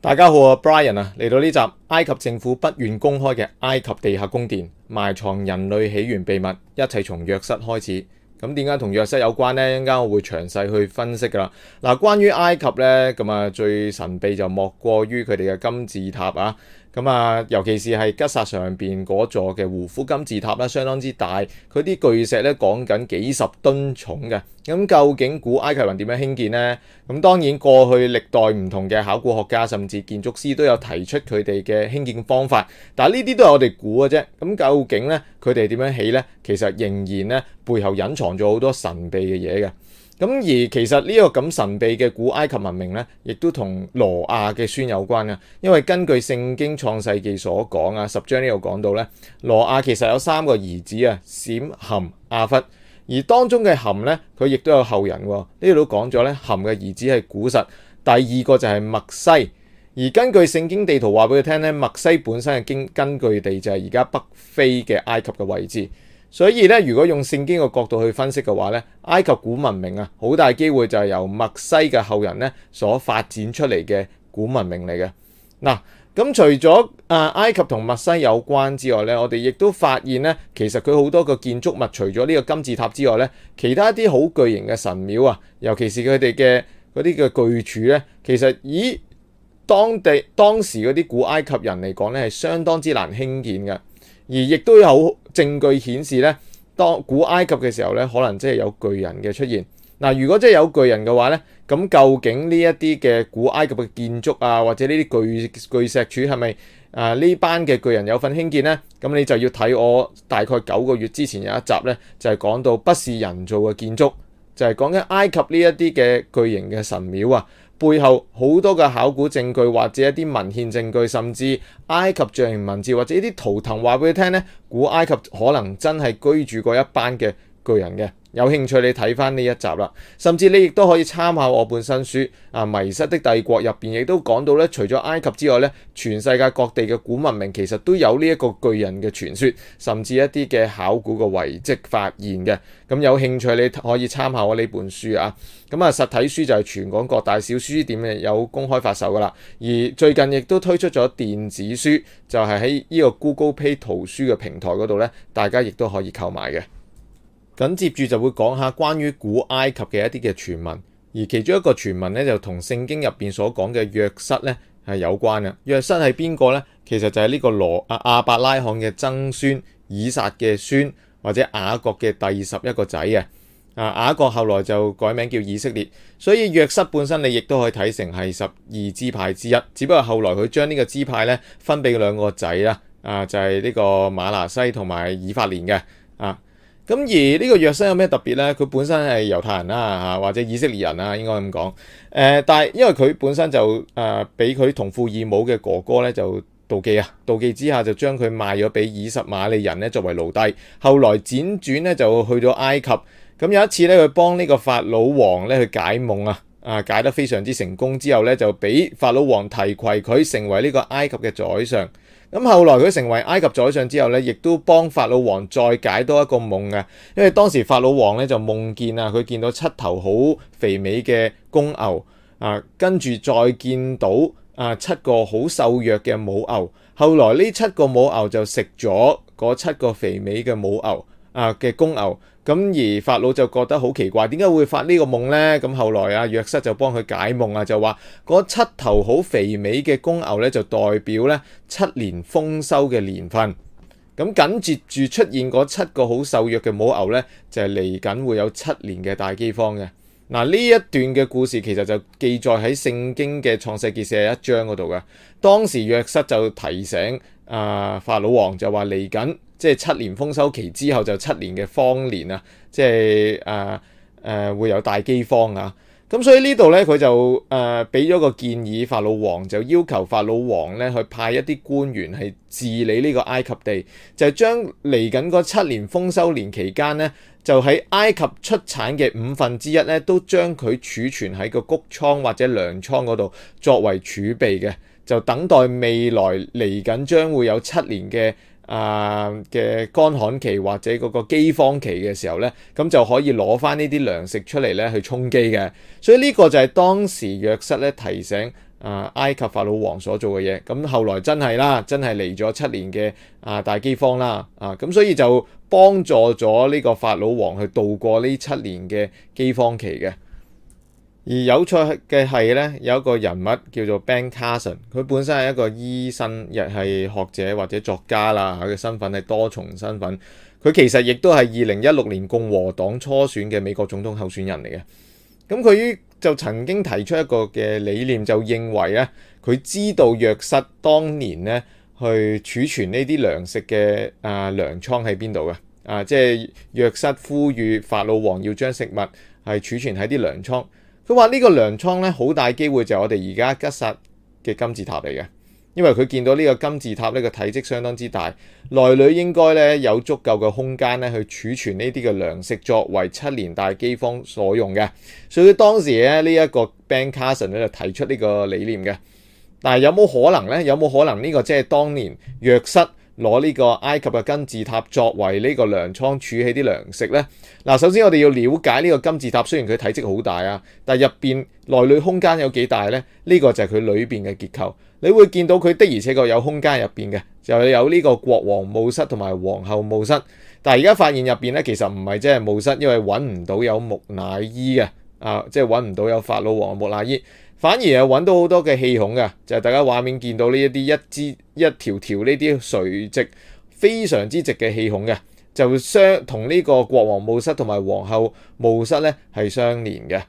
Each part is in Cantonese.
大家好啊，Brian 啊，嚟到呢集埃及政府不願公開嘅埃及地下宮殿埋藏人類起源秘密，一切從約瑟開始。咁點解同約瑟有關呢？一陣間我會詳細去分析噶啦。嗱，關於埃及呢，咁啊最神秘就莫過於佢哋嘅金字塔啊。咁啊，尤其是係吉薩上邊嗰座嘅胡夫金字塔咧，相當之大。佢啲巨石咧講緊幾十噸重嘅。咁究竟古埃及人點樣興建呢？咁當然過去歷代唔同嘅考古學家甚至建築師都有提出佢哋嘅興建方法，但係呢啲都係我哋估嘅啫。咁究竟咧佢哋點樣起咧？其實仍然咧背後隱藏咗好多神秘嘅嘢嘅。咁而其實呢個咁神秘嘅古埃及文明呢，亦都同羅亞嘅孫有關啊。因為根據聖經創世記所講啊，十章呢度講到呢，羅亞其實有三個兒子啊，閃、含、阿弗，而當中嘅含呢，佢亦都有後人喎，呢度都講咗呢，含嘅兒子係古實，第二個就係麥西，而根據聖經地圖話俾佢聽呢，麥西本身嘅經根據地就係而家北非嘅埃及嘅位置。所以咧，如果用聖經嘅角度去分析嘅話，咧，埃及古文明啊，好大機會就係由墨西嘅後人咧所發展出嚟嘅古文明嚟嘅嗱。咁、啊、除咗啊埃及同墨西有關之外咧，我哋亦都發現，咧，其實佢好多個建築物，除咗呢個金字塔之外咧，其他一啲好巨型嘅神廟啊，尤其是佢哋嘅嗰啲嘅巨柱咧，其實以當地當時嗰啲古埃及人嚟講，咧，係相當之難興建嘅，而亦都有。證據顯示咧，當古埃及嘅時候咧，可能真係有巨人嘅出現。嗱，如果真係有巨人嘅話咧，咁究竟呢一啲嘅古埃及嘅建築啊，或者呢啲巨巨石柱係咪啊呢班嘅巨人有份興建呢？咁你就要睇我大概九個月之前有一集咧，就係講到不是人造嘅建築，就係講緊埃及呢一啲嘅巨型嘅神廟啊。背後好多嘅考古證據或者一啲文獻證據，甚至埃及象形文字或者一啲圖騰話俾你聽咧，古埃及可能真係居住過一班嘅。巨人嘅有興趣，你睇翻呢一集啦。甚至你亦都可以參考我本新書《啊迷失的帝國》入邊，亦都講到咧。除咗埃及之外咧，全世界各地嘅古文明其實都有呢一個巨人嘅傳說，甚至一啲嘅考古嘅遺跡發現嘅。咁有興趣，你可以參考我呢本書啊。咁啊，實體書就係全港各大小書店有公開發售噶啦。而最近亦都推出咗電子書，就係喺呢個 Google Play 圖書嘅平台嗰度咧，大家亦都可以購買嘅。咁接住就會講下關於古埃及嘅一啲嘅傳聞，而其中一個傳聞咧就同聖經入邊所講嘅約瑟咧係有關嘅。約瑟係邊個咧？其實就係呢個羅阿、啊、阿伯拉罕嘅曾孫以撒嘅孫，或者雅各嘅第十一個仔啊！啊，雅各後來就改名叫以色列，所以約瑟本身你亦都可以睇成係十二支派之一，只不過後來佢將呢個支派咧分俾兩個仔啦，啊，就係、是、呢個馬拿西同埋以法蓮嘅。咁而呢個約瑟有咩特別呢？佢本身係猶太人啦、啊，嚇或者以色列人啊，應該咁講。誒、呃，但係因為佢本身就誒俾佢同父異母嘅哥哥咧就妒忌啊，妒忌之下就將佢賣咗俾以實瑪利人咧作為奴隸。後來輾轉咧就去咗埃及。咁有一次咧，佢幫呢個法老王咧去解夢啊，啊解得非常之成功之後咧，就俾法老王提攜佢成為呢個埃及嘅宰相。咁後來佢成為埃及宰相之後咧，亦都幫法老王再解多一個夢嘅、啊。因為當時法老王咧就夢見啊，佢見到七頭好肥美嘅公牛啊，跟住再見到啊七個好瘦弱嘅母牛。後來呢七個母牛就食咗嗰七個肥美嘅母牛。啊嘅公牛，咁而法老就覺得好奇怪，點解會發呢個夢呢？咁後來啊，約瑟就幫佢解夢啊，就話嗰七頭好肥美嘅公牛呢，就代表呢七年豐收嘅年份。咁緊接住出現嗰七個好瘦弱嘅母牛呢，就係嚟緊會有七年嘅大饑荒嘅。嗱，呢一段嘅故事其實就記載喺聖經嘅創世記四一章嗰度嘅。當時約瑟就提醒啊、呃、法老王就話嚟緊即係七年豐收期之後就七年嘅荒年啊，即係誒誒會有大饑荒啊。咁所以呢度呢，佢就誒俾咗個建議，法老王就要求法老王呢去派一啲官員去治理呢個埃及地，就係，將嚟緊嗰七年豐收年期間呢。就喺埃及出產嘅五分之一咧，都將佢儲存喺個谷倉或者糧倉嗰度作為儲備嘅，就等待未來嚟緊將會有七年嘅啊嘅乾旱期或者嗰個饑荒期嘅時候呢，咁就可以攞翻呢啲糧食出嚟呢去充饑嘅。所以呢個就係當時約瑟咧提醒。啊、埃及法老王所做嘅嘢，咁、嗯、後來真係啦，真係嚟咗七年嘅啊大饑荒啦，啊咁、啊、所以就幫助咗呢個法老王去度過呢七年嘅饑荒期嘅。而有趣嘅係呢，有一個人物叫做 Ben Carson，佢本身係一個醫生，亦係學者或者作家啦，佢嘅身份係多重身份。佢其實亦都係二零一六年共和黨初選嘅美國總統候選人嚟嘅。咁、嗯、佢就曾經提出一個嘅理念，就認為咧，佢知道約瑟當年咧去儲存呢啲糧食嘅啊、呃、糧倉喺邊度嘅啊，即係約瑟呼籲法老王要將食物係儲存喺啲糧倉。佢話呢個糧倉咧，好大機會就係我哋而家吉薩嘅金字塔嚟嘅。因為佢見到呢個金字塔呢個體積相當之大，內裏應該呢有足夠嘅空間呢去儲存呢啲嘅糧食作為七年大饑荒所用嘅，所以當時咧呢一個 Ben Carson 咧就提出呢個理念嘅。但係有冇可能呢？有冇可能呢個即係當年約瑟？攞呢個埃及嘅金字塔作為呢個糧倉儲起啲糧食呢。嗱，首先我哋要了解呢個金字塔，雖然佢體積好大啊，但入邊內裏空間有幾大呢？呢個就係佢裏邊嘅結構。你會見到佢的而且確有空間入邊嘅，就有呢個國王墓室同埋皇后墓室。但係而家發現入邊呢，其實唔係即係墓室，因為揾唔到有木乃伊嘅，啊，即係揾唔到有法老王木乃伊。反而係揾到好多嘅氣孔嘅，就係、是、大家畫面見到呢一啲一枝一條條呢啲垂直非常之直嘅氣孔嘅，就相同呢個國王墓室同埋皇后墓室呢係相連嘅。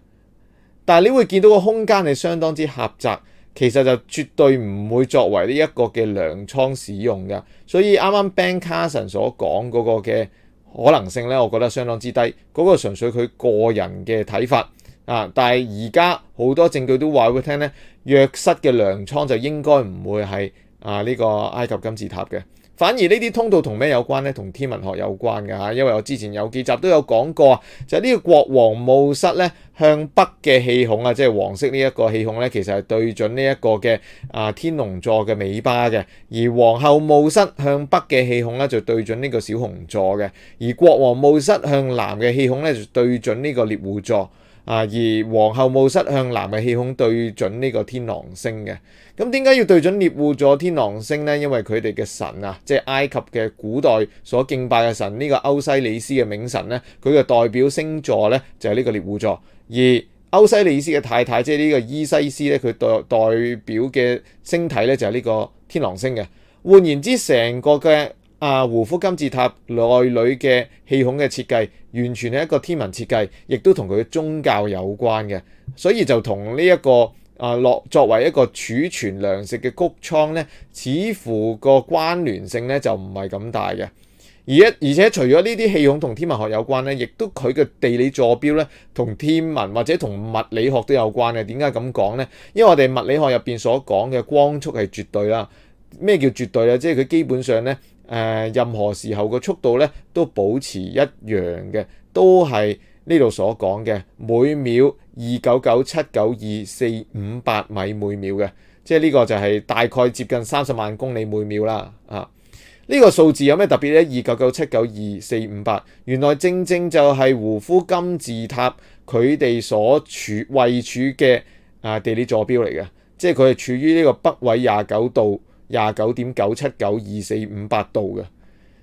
但係你會見到個空間係相當之狹窄，其實就絕對唔會作為呢一個嘅糧倉使用嘅。所以啱啱 Ben Carson 所講嗰個嘅可能性呢，我覺得相當之低。嗰、那個純粹佢個人嘅睇法。啊！但係而家好多證據都話佢聽咧，約瑟嘅糧倉就應該唔會係啊呢、這個埃及金字塔嘅，反而呢啲通道同咩有關咧？同天文學有關嘅嚇、啊，因為我之前有幾集都有講過啊。就呢、是、個國王墓室咧，向北嘅氣孔啊，即係黃色呢一個氣孔咧，其實係對準呢一個嘅啊天龍座嘅尾巴嘅。而皇后墓室向北嘅氣孔咧，就對準呢個小熊座嘅。而國王墓室向南嘅氣孔咧，就對準呢個獵戶座。啊！而皇后墓室向南嘅氣孔，對準呢個天狼星嘅。咁，點解要對準獵戶座天狼星呢？因為佢哋嘅神啊，即係埃及嘅古代所敬拜嘅神，呢個歐西里斯嘅冥神呢，佢嘅代表星座呢，就係呢個獵戶座，而歐西里斯嘅太太即係呢個伊西斯呢，佢代代表嘅星體呢，就係呢個天狼星嘅。換言之，成個嘅。啊！胡夫金字塔內裏嘅氣孔嘅設計，完全係一個天文設計，亦都同佢嘅宗教有關嘅。所以就同呢一個啊落作為一個儲存糧食嘅谷倉呢，似乎個關聯性呢就唔係咁大嘅。而且而且除咗呢啲氣孔同天文學有關呢，亦都佢嘅地理坐標呢，同天文或者同物理學都有關嘅。點解咁講呢？因為我哋物理學入邊所講嘅光速係絕對啦。咩叫絕對啊？即係佢基本上呢。誒、呃、任何時候個速度咧都保持一樣嘅，都係呢度所講嘅，每秒二九九七九二四五八米每秒嘅，即係呢個就係大概接近三十萬公里每秒啦。啊，呢、這個數字有咩特別呢？二九九七九二四五八，原來正正就係胡夫金字塔佢哋所處位處嘅啊地理坐標嚟嘅，即係佢係處於呢個北緯廿九度。廿九點九七九二四五八度嘅，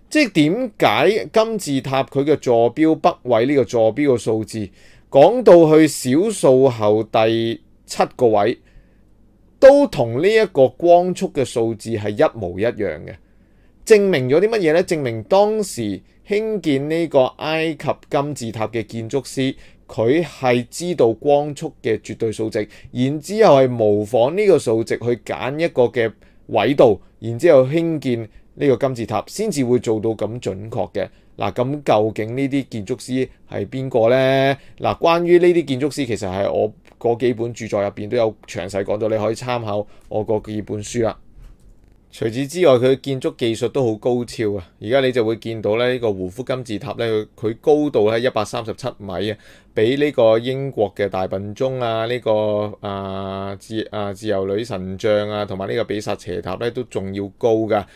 即係點解金字塔佢嘅坐標北位呢個坐標嘅數字講到去小數後第七個位，都同呢一個光速嘅數字係一模一樣嘅，證明咗啲乜嘢呢？證明當時興建呢個埃及金字塔嘅建築師，佢係知道光速嘅絕對數值，然之後係模仿呢個數值去揀一個嘅。緯度，然之後興建呢個金字塔，先至會做到咁準確嘅嗱。咁、啊、究竟呢啲建築師係邊個呢？嗱、啊，關於呢啲建築師，其實係我嗰幾本著作入邊都有詳細講到，你可以參考我個幾本書啦。除此之外，佢嘅建築技術都好高超啊！而家你就會見到咧，呢個胡夫金字塔咧，佢高度咧一百三十七米啊。比呢個英國嘅大笨鐘啊，呢個啊自啊自由女神像啊，同埋呢個比薩斜塔咧，都仲要高噶。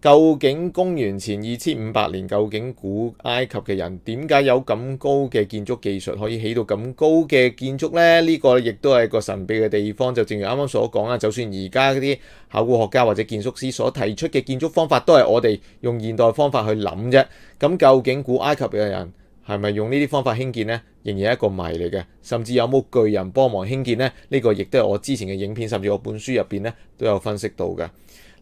究竟公元前二千五百年，究竟古埃及嘅人點解有咁高嘅建築技術，可以起到咁高嘅建築呢？呢個亦都係個神秘嘅地方。就正如啱啱所講啊，就算而家嗰啲考古學家或者建築師所提出嘅建築方法，都係我哋用現代方法去諗啫。咁究竟古埃及嘅人，係咪用呢啲方法興建呢？仍然係一個謎嚟嘅。甚至有冇巨人幫忙興建呢？呢個亦都係我之前嘅影片，甚至我本書入邊呢都有分析到嘅。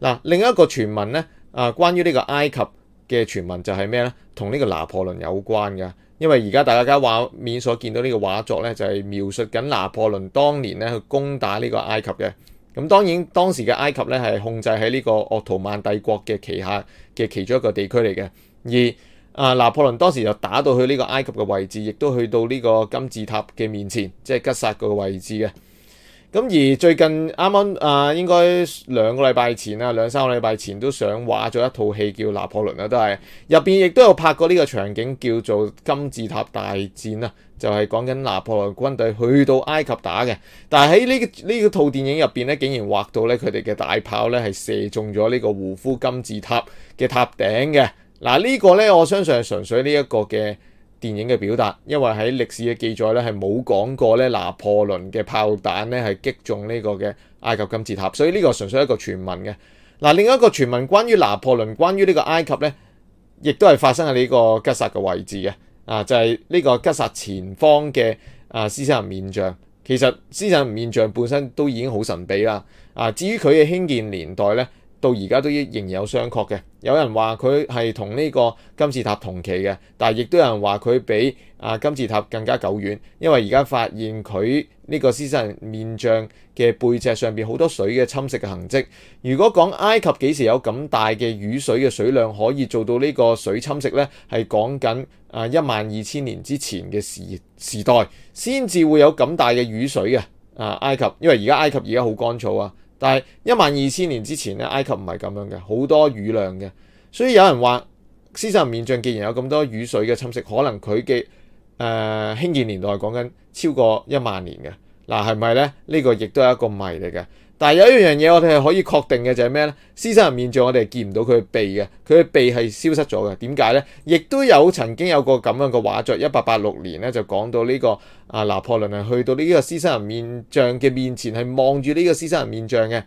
嗱、啊，另一個傳聞呢，啊，關於呢個埃及嘅傳聞就係咩呢？同呢個拿破崙有關嘅。因為而家大家喺畫面所見到呢個畫作呢，就係描述緊拿破崙當年呢去攻打呢個埃及嘅。咁當然當時嘅埃及呢，係控制喺呢個鄂圖曼帝國嘅旗下嘅其中一個地區嚟嘅，而啊！拿破崙當時就打到去呢個埃及嘅位置，亦都去到呢個金字塔嘅面前，即係吉薩個位置嘅。咁而最近啱啱啊，應該兩個禮拜前啊，兩三個禮拜前都上畫咗一套戲叫《拿破崙》啊。都係入邊亦都有拍過呢個場景，叫做金字塔大戰啊。就係講緊拿破崙軍隊去到埃及打嘅。但係喺呢呢套電影入邊咧，竟然畫到咧佢哋嘅大炮咧係射中咗呢個胡夫金字塔嘅塔頂嘅。嗱，呢個呢，我相信係純粹呢一個嘅電影嘅表達，因為喺歷史嘅記載呢，係冇講過呢拿破崙嘅炮彈呢係擊中呢個嘅埃及金字塔，所以呢個純粹係一個傳聞嘅。嗱，另外一個傳聞關於拿破崙，關於呢個埃及呢，亦都係發生喺呢個吉薩嘅位置嘅。啊，就係、是、呢個吉薩前方嘅啊獅身人面像，其實獅身人面像本身都已經好神秘啦。啊，至於佢嘅興建年代呢。到而家都仍然有商榷嘅，有人話佢係同呢個金字塔同期嘅，但係亦都有人話佢比啊金字塔更加久遠，因為而家發現佢呢個獅身人面像嘅背脊上邊好多水嘅侵蝕嘅痕跡。如果講埃及幾時有咁大嘅雨水嘅水量可以做到呢個水侵蝕呢，係講緊啊一萬二千年之前嘅時時代先至會有咁大嘅雨水嘅啊埃及，因為而家埃及而家好乾燥啊。但係一萬二千年之前咧，埃及唔係咁樣嘅，好多雨量嘅，所以有人話獅身人面像既然有咁多雨水嘅侵蝕，可能佢嘅誒興建年代係講緊超過一萬年嘅。嗱係咪咧？啊、係咪呢、呢個亦都係一個謎嚟嘅。但係有一樣嘢我哋係可以確定嘅就係、是、咩呢？獅身人面像我哋見唔到佢嘅鼻嘅，佢嘅鼻係消失咗嘅。點解呢？亦都有曾經有個咁樣嘅畫作，一八八六年咧就講到呢、呢個啊拿破崙係去到呢個獅身人面像嘅面前係望住呢個獅身人面像嘅。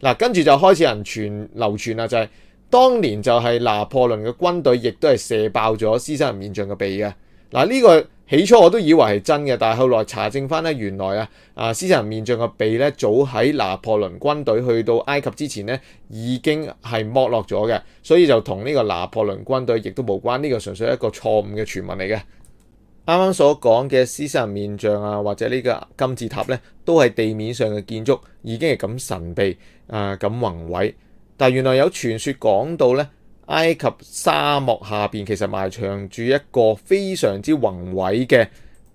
嗱跟住就開始人傳流傳啦，就係、是、當年就係拿破崙嘅軍隊亦都係射爆咗獅身人面像嘅鼻嘅。嗱、啊、呢、呢個。起初我都以為係真嘅，但係後來查證翻咧，原來啊啊獅身人面像嘅鼻咧，早喺拿破崙軍隊去到埃及之前咧，已經係剝落咗嘅，所以就同呢個拿破崙軍隊亦都冇關，呢個純粹係一個錯誤嘅傳聞嚟嘅。啱啱所講嘅獅身人面像啊，或者呢個金字塔咧，都係地面上嘅建築，已經係咁神秘啊咁宏偉，但係原來有傳說講到咧。埃及沙漠下邊其實埋藏住一個非常之宏偉嘅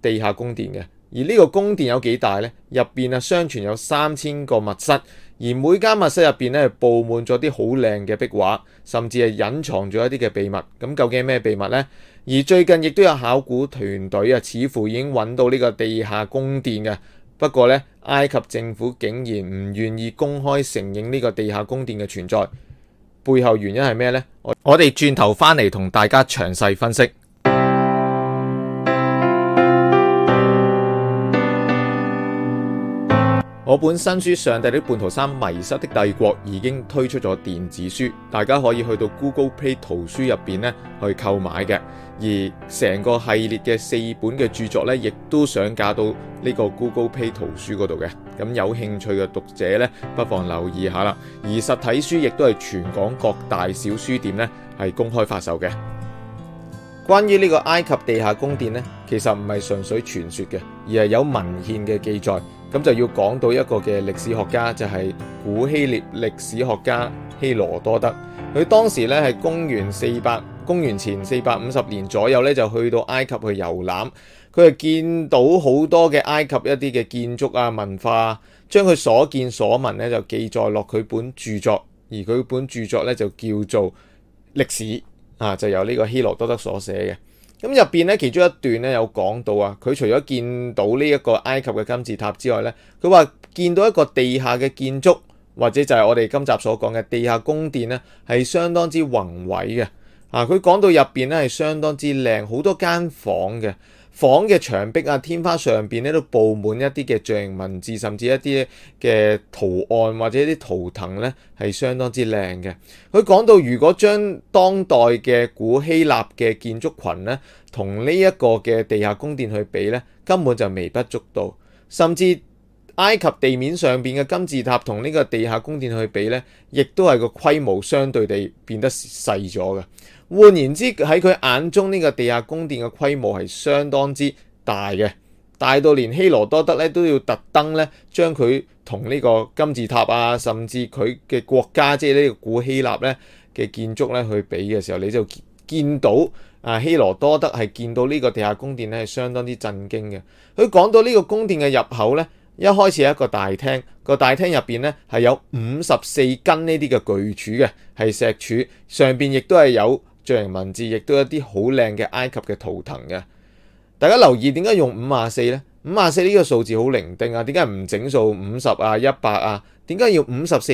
地下宮殿嘅，而呢個宮殿有幾大呢？入邊啊，相傳有三千個密室，而每間密室入邊咧布滿咗啲好靚嘅壁畫，甚至係隱藏咗一啲嘅秘密。咁究竟係咩秘密呢？而最近亦都有考古團隊啊，似乎已經揾到呢個地下宮殿嘅，不過咧，埃及政府竟然唔願意公開承認呢個地下宮殿嘅存在。背後原因係咩呢？我我哋，轉頭翻嚟同大家詳細分析。我本新書《上帝的叛徒三迷失的帝國》已經推出咗電子書，大家可以去到 Google Play 圖書入面去購買嘅。而成個系列嘅四本嘅著作呢，亦都上架到呢個 Google Play 圖書嗰度嘅。咁有興趣嘅讀者呢，不妨留意下啦。而實體書亦都係全港各大小書店呢係公開發售嘅。關於呢個埃及地下宮殿呢，其實唔係純粹傳說嘅，而係有文獻嘅記載。咁就要講到一個嘅歷史學家，就係古希臘歷史學家希羅多德。佢當時呢，係公元四百、公元前四百五十年左右呢，就去到埃及去遊覽。佢係見到好多嘅埃及一啲嘅建築啊、文化啊，將佢所見所聞咧就記載落佢本著作，而佢本著作咧就叫做《歷史》啊，就由呢個希羅多德所寫嘅。咁入邊咧其中一段咧有講到啊，佢除咗見到呢一個埃及嘅金字塔之外咧，佢話見到一個地下嘅建築，或者就係我哋今集所講嘅地下宮殿咧，係相當之宏偉嘅啊。佢講到入邊咧係相當之靚，好多間房嘅。房嘅牆壁啊、天花上邊咧都佈滿一啲嘅象形文字，甚至一啲嘅圖案或者一啲圖騰呢，係相當之靚嘅。佢講到如果將當代嘅古希臘嘅建築群呢，同呢一個嘅地下宮殿去比呢，根本就微不足道。甚至埃及地面上邊嘅金字塔同呢個地下宮殿去比呢，亦都係個規模相對地變得細咗嘅。換言之，喺佢眼中呢個地下宮殿嘅規模係相當之大嘅，大到連希羅多德咧都要特登咧將佢同呢個金字塔啊，甚至佢嘅國家即係呢個古希臘咧嘅建築咧去比嘅時候，你就見到啊希羅多德係見到呢個地下宮殿咧係相當之震驚嘅。佢講到呢個宮殿嘅入口咧，一開始係一個大廳，個大廳入邊咧係有五十四根呢啲嘅巨柱嘅，係石柱，上邊亦都係有，象形文字，亦都有一啲好靚嘅埃及嘅圖騰嘅。大家留意點解用五廿四呢？五廿四呢個數字好零丁啊？點解唔整數五十啊、一百啊？點解要五十四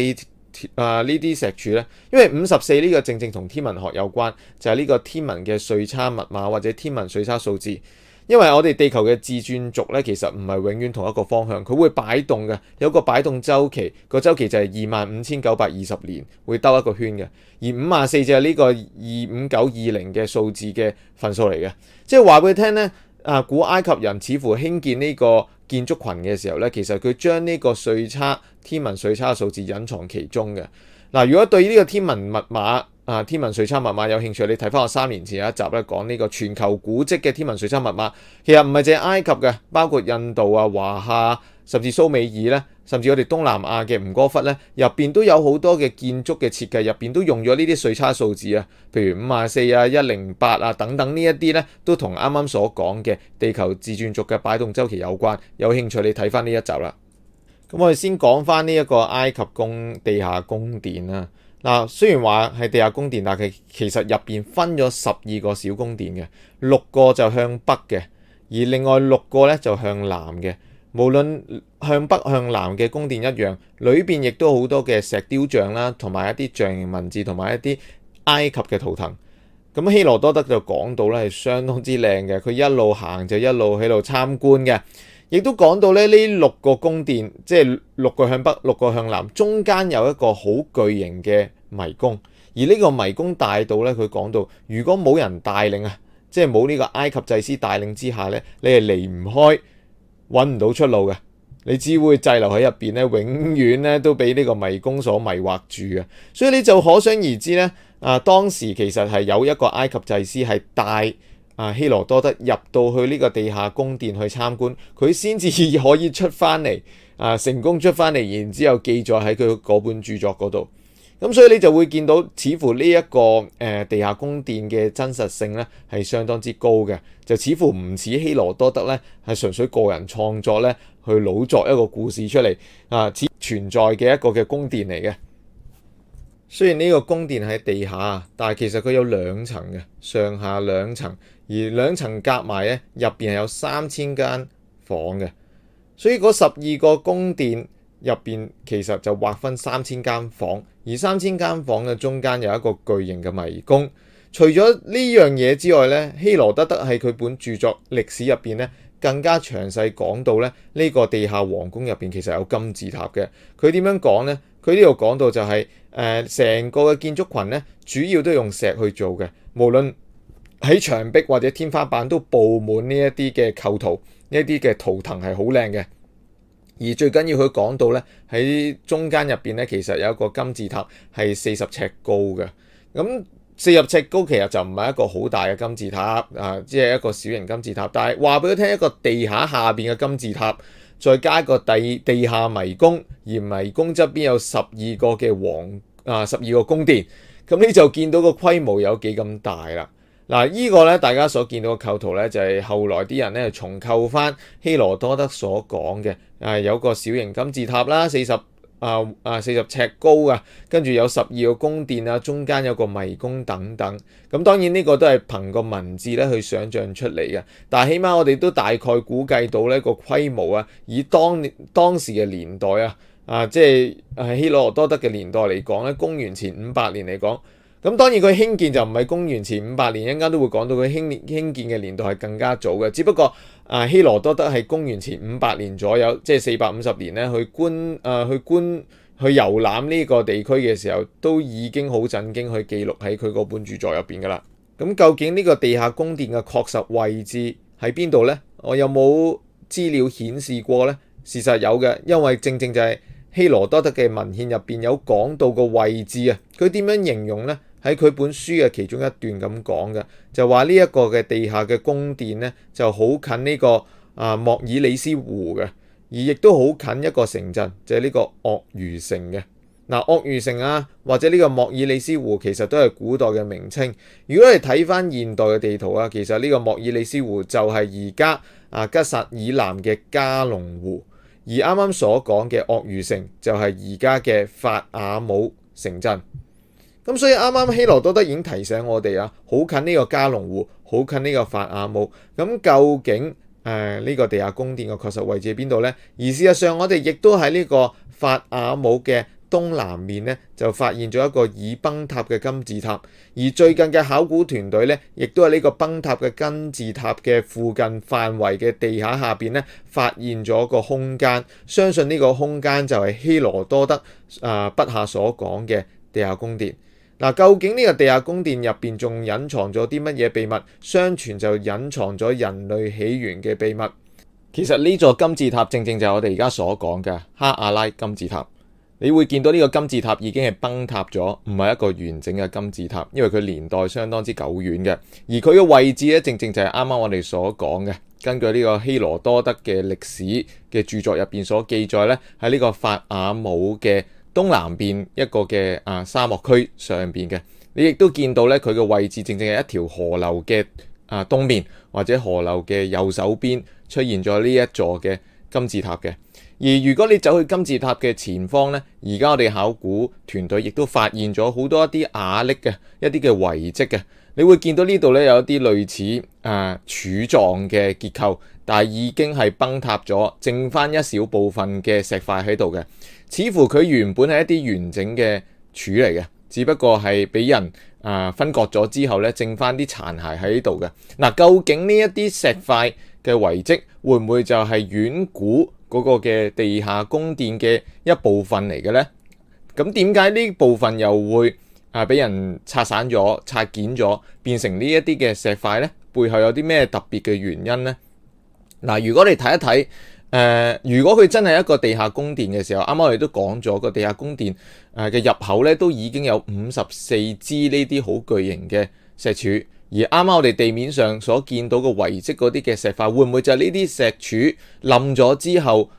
啊呢啲石柱呢？因為五十四呢個正正同天文學有關，就係、是、呢個天文嘅歲差密碼或者天文歲差數字。因為我哋地球嘅自轉軸咧，其實唔係永遠同一個方向，佢會擺動嘅，有個擺動周期，個周期就係二萬五千九百二十年，會兜一個圈嘅。而五廿四就係呢個二五九二零嘅數字嘅份數嚟嘅，即係話俾你聽呢，啊，古埃及人似乎興建呢個建築群嘅時候呢，其實佢將呢個歲差天文歲差嘅數字隱藏其中嘅。嗱，如果對於呢個天文密碼，啊！天文碎差密碼有興趣，你睇翻我三年前有一集咧，講呢個全球古蹟嘅天文碎差密碼，其實唔係隻埃及嘅，包括印度啊、華夏、啊，甚至蘇美爾咧，甚至我哋東南亞嘅吳哥窟咧，入邊都有好多嘅建築嘅設計，入邊都用咗呢啲碎差數字啊，譬如五廿四啊、一零八啊等等呢一啲咧，都同啱啱所講嘅地球自轉軸嘅擺動周期有關。有興趣你睇翻呢一集啦。咁我哋先講翻呢一個埃及宮地下宮殿啦。嗱，雖然話係地下宮殿，但係其實入邊分咗十二個小宮殿嘅，六個就向北嘅，而另外六個咧就向南嘅。無論向北向南嘅宮殿一樣，裏邊亦都好多嘅石雕像啦，同埋一啲象形文字，同埋一啲埃及嘅圖騰。咁希羅多德就講到咧係相當之靚嘅，佢一路行就一路喺度參觀嘅。亦都講到咧，呢六個宮殿即係六個向北、六個向南，中間有一個好巨型嘅迷宮。而呢個迷宮大到咧，佢講到，如果冇人帶領啊，即係冇呢個埃及祭司帶領之下咧，你係離唔開、揾唔到出路嘅，你只會滯留喺入邊咧，永遠咧都俾呢個迷宮所迷惑住嘅。所以你就可想而知咧，啊當時其實係有一個埃及祭司係帶。啊，希羅多德入到去呢個地下宮殿去參觀，佢先至可以出翻嚟，啊，成功出翻嚟，然之後記載喺佢嗰本著作嗰度。咁所以你就會見到，似乎呢一個誒地下宮殿嘅真實性咧係相當之高嘅，就似乎唔似希羅多德咧係純粹個人創作咧去老作一個故事出嚟啊，似存在嘅一個嘅宮殿嚟嘅。雖然呢個宮殿喺地下，但係其實佢有兩層嘅，上下兩層，而兩層夾埋咧，入邊係有三千間房嘅。所以嗰十二個宮殿入邊，其實就劃分三千間房，而三千間房嘅中間有一個巨型嘅迷宮。除咗呢樣嘢之外咧，希羅德德喺佢本著作歷史入邊咧，更加詳細講到咧，呢個地下皇宮入邊其實有金字塔嘅。佢點樣講呢？佢呢度講到就係誒成個嘅建築群咧，主要都用石去做嘅，無論喺牆壁或者天花板都佈滿呢一啲嘅構圖，呢一啲嘅圖騰係好靚嘅。而最緊要佢講到咧，喺中間入邊咧，其實有一個金字塔係四十尺高嘅。咁四十尺高其實就唔係一個好大嘅金字塔啊，只係一個小型金字塔。但係話俾佢聽，一個地下下邊嘅金字塔。再加個地地下迷宮，而迷宮側邊有十二個嘅皇啊，十二個宮殿，咁你就見到個規模有幾咁大啦。嗱、啊，呢個、呢個咧大家所見到嘅構圖呢，就係、係、後來啲人咧重構翻希羅多德所講嘅，啊有個小型金字塔啦，四十。啊啊！四十尺高啊，跟住有十二個宮殿啊，中間有個迷宮等等。咁當然呢個都係憑個文字咧去想象出嚟嘅，但係起碼我哋都大概估計到呢個規模啊，以當年當時嘅年代啊，啊即係希羅多德嘅年代嚟講咧，公元前五百年嚟講。咁當然佢興建就唔係公元前五百年，一陣間都會講到佢興興建嘅年代係更加早嘅。只不過啊希羅多德係公元前五百年左右，即係四百五十年咧，去觀啊、呃、去觀去遊覽呢個地區嘅時候，都已經好震驚，去記錄喺佢個本著作入邊噶啦。咁究竟呢個地下宮殿嘅確實位置喺邊度呢？我有冇資料顯示過呢？事實有嘅，因為正正就係希羅多德嘅文獻入邊有講到個位置啊。佢點樣形容呢？喺佢本書嘅其中一段咁講嘅，就話呢一個嘅地下嘅宮殿呢，就好近呢個啊莫爾里斯湖嘅，而亦都好近一個城鎮，就係呢個鱷魚城嘅。嗱，鱷魚城啊，或者呢個莫爾里斯湖其實都係古代嘅名稱。如果你睇翻現代嘅地圖啊，其實呢個莫爾里斯湖就係而家啊吉薩以南嘅加龍湖，而啱啱所講嘅鱷魚城就係而家嘅法雅姆城鎮。咁所以啱啱希羅多德已經提醒我哋啊，好近呢個加龍湖，好近呢個法雅姆。咁究竟誒呢、呃這個地下宮殿嘅確實位置喺邊度呢？而事實上，我哋亦都喺呢個法雅姆嘅東南面呢，就發現咗一個已崩塌嘅金字塔。而最近嘅考古團隊呢，亦都喺呢個崩塌嘅金字塔嘅附近範圍嘅地下下邊呢，發現咗個空間。相信呢個空間就係希羅多德啊筆、呃、下所講嘅地下宮殿。嗱，究竟呢個地下宮殿入邊仲隱藏咗啲乜嘢秘密？相傳就隱藏咗人類起源嘅秘密。其實呢座金字塔正正就係我哋而家所講嘅哈阿拉金字塔。你會見到呢個金字塔已經係崩塌咗，唔係一個完整嘅金字塔，因為佢年代相當之久遠嘅。而佢嘅位置咧，正正就係啱啱我哋所講嘅，根據呢個希羅多德嘅歷史嘅著作入邊所記載咧，喺呢個法雅姆嘅，東南邊一個嘅啊沙漠區上邊嘅，你亦都見到咧，佢嘅位置正正係一條河流嘅啊東面，或者河流嘅右手邊出現咗呢一座嘅金字塔嘅。而如果你走去金字塔嘅前方咧，而家我哋考古團隊亦都發現咗好多一啲瓦礫嘅一啲嘅遺跡嘅，你會見到呢度咧，有一啲類似啊柱狀嘅結構，但係已經係崩塌咗，剩翻一小部分嘅石塊喺度嘅。似乎佢原本係一啲完整嘅柱嚟嘅，只不過係俾人啊分割咗之後咧，剩翻啲殘骸喺度嘅。嗱、啊，究竟呢一啲石塊嘅遺跡會唔會就係遠古嗰個嘅地下宮殿嘅一部分嚟嘅呢？咁點解呢部分又會啊俾人拆散咗、拆建咗，變成呢一啲嘅石塊呢？背後有啲咩特別嘅原因呢？嗱、啊，如果你睇一睇。誒、呃，如果佢真係一個地下宮殿嘅時候，啱啱我哋都講咗個地下宮殿誒嘅入口咧，都已經有五十四支呢啲好巨型嘅石柱。而啱啱我哋地面上所見到個遺跡嗰啲嘅石塊，會唔會就係呢啲石柱冧咗之後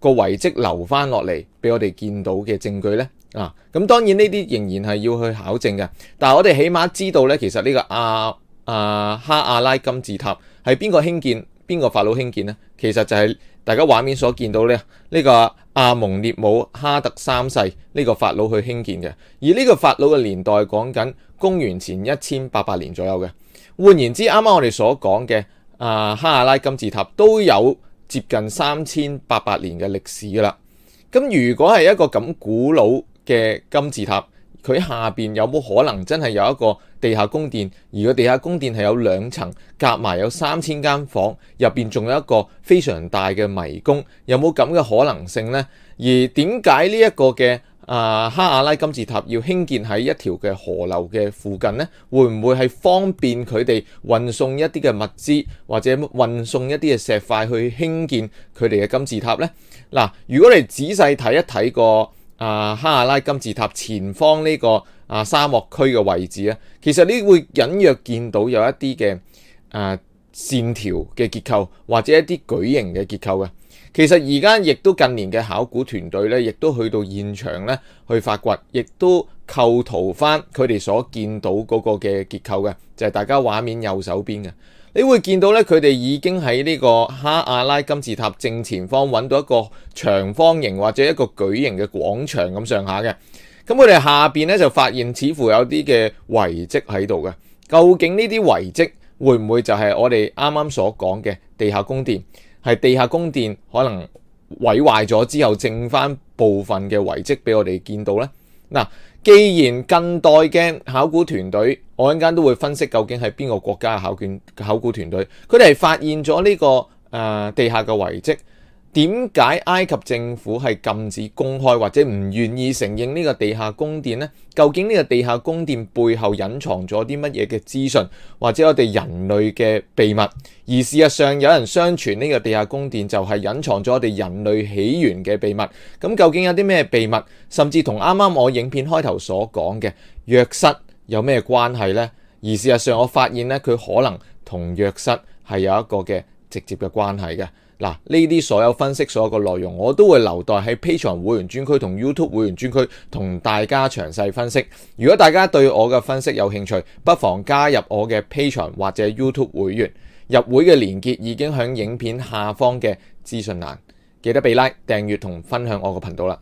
個遺跡留翻落嚟俾我哋見到嘅證據呢？啊，咁當然呢啲仍然係要去考證嘅。但係我哋起碼知道呢，其實呢個阿、啊、阿、啊、哈瓦拉金字塔係邊個興建，邊個法老興建呢？其實就係、是。大家畫面所見到咧，呢、這個阿蒙涅姆哈特三世呢、這個法老去興建嘅，而呢個法老嘅年代講緊公元前一千八百年左右嘅。換言之剛剛，啱啱我哋所講嘅啊哈阿拉金字塔都有接近三千八百年嘅歷史㗎啦。咁如果係一個咁古老嘅金字塔，佢下邊有冇可能真係有一個地下宮殿？而個地下宮殿係有兩層，夾埋有三千間房，入邊仲有一個非常大嘅迷宮，有冇咁嘅可能性呢？而點解呢一個嘅啊、呃、哈瓦拉金字塔要興建喺一條嘅河流嘅附近呢，會唔會係方便佢哋運送一啲嘅物資，或者運送一啲嘅石塊去興建佢哋嘅金字塔咧？嗱，如果你仔細睇一睇個，啊，哈拉金字塔前方呢、這個啊沙漠區嘅位置咧，其實你會隱約見到有一啲嘅啊線條嘅結構，或者一啲矩形嘅結構。嘅。其實而家亦都近年嘅考古團隊咧，亦都去到現場咧去發掘，亦都構圖翻佢哋所見到嗰個嘅結構嘅，就係大家畫面右手邊嘅。你會見到咧，佢哋已經喺呢個哈阿拉金字塔正前方揾到一個長方形或者一個矩形嘅廣場咁上下嘅。咁佢哋下邊咧就發現似乎有啲嘅遺跡喺度嘅。究竟呢啲遺跡會唔會就係我哋啱啱所講嘅地下宮殿？係地下宮殿可能毀壞咗之後，剩翻部分嘅遺跡俾我哋見到呢？嗱，既然近代嘅考古團隊，我一陣間都會分析究竟係邊個國家嘅考古考古團隊，佢哋係發現咗呢、這個誒、呃、地下嘅遺跡。點解埃及政府係禁止公開或者唔願意承認呢個地下宮殿呢？究竟呢個地下宮殿背後隱藏咗啲乜嘢嘅資訊，或者我哋人類嘅秘密？而事實上，有人相傳呢個地下宮殿就係隱藏咗我哋人類起源嘅秘密。咁究竟有啲咩秘密，甚至同啱啱我影片開頭所講嘅約瑟有咩關係呢？而事實上，我發現呢，佢可能同約瑟係有一個嘅直接嘅關係嘅。嗱，呢啲所有分析，所有個內容，我都會留待喺 Patreon 會員專區同 YouTube 會員專區同大家詳細分析。如果大家對我嘅分析有興趣，不妨加入我嘅 Patreon 或者 YouTube 會員。入會嘅連結已經喺影片下方嘅資訊欄，記得畀 like、訂閱同分享我個頻道啦。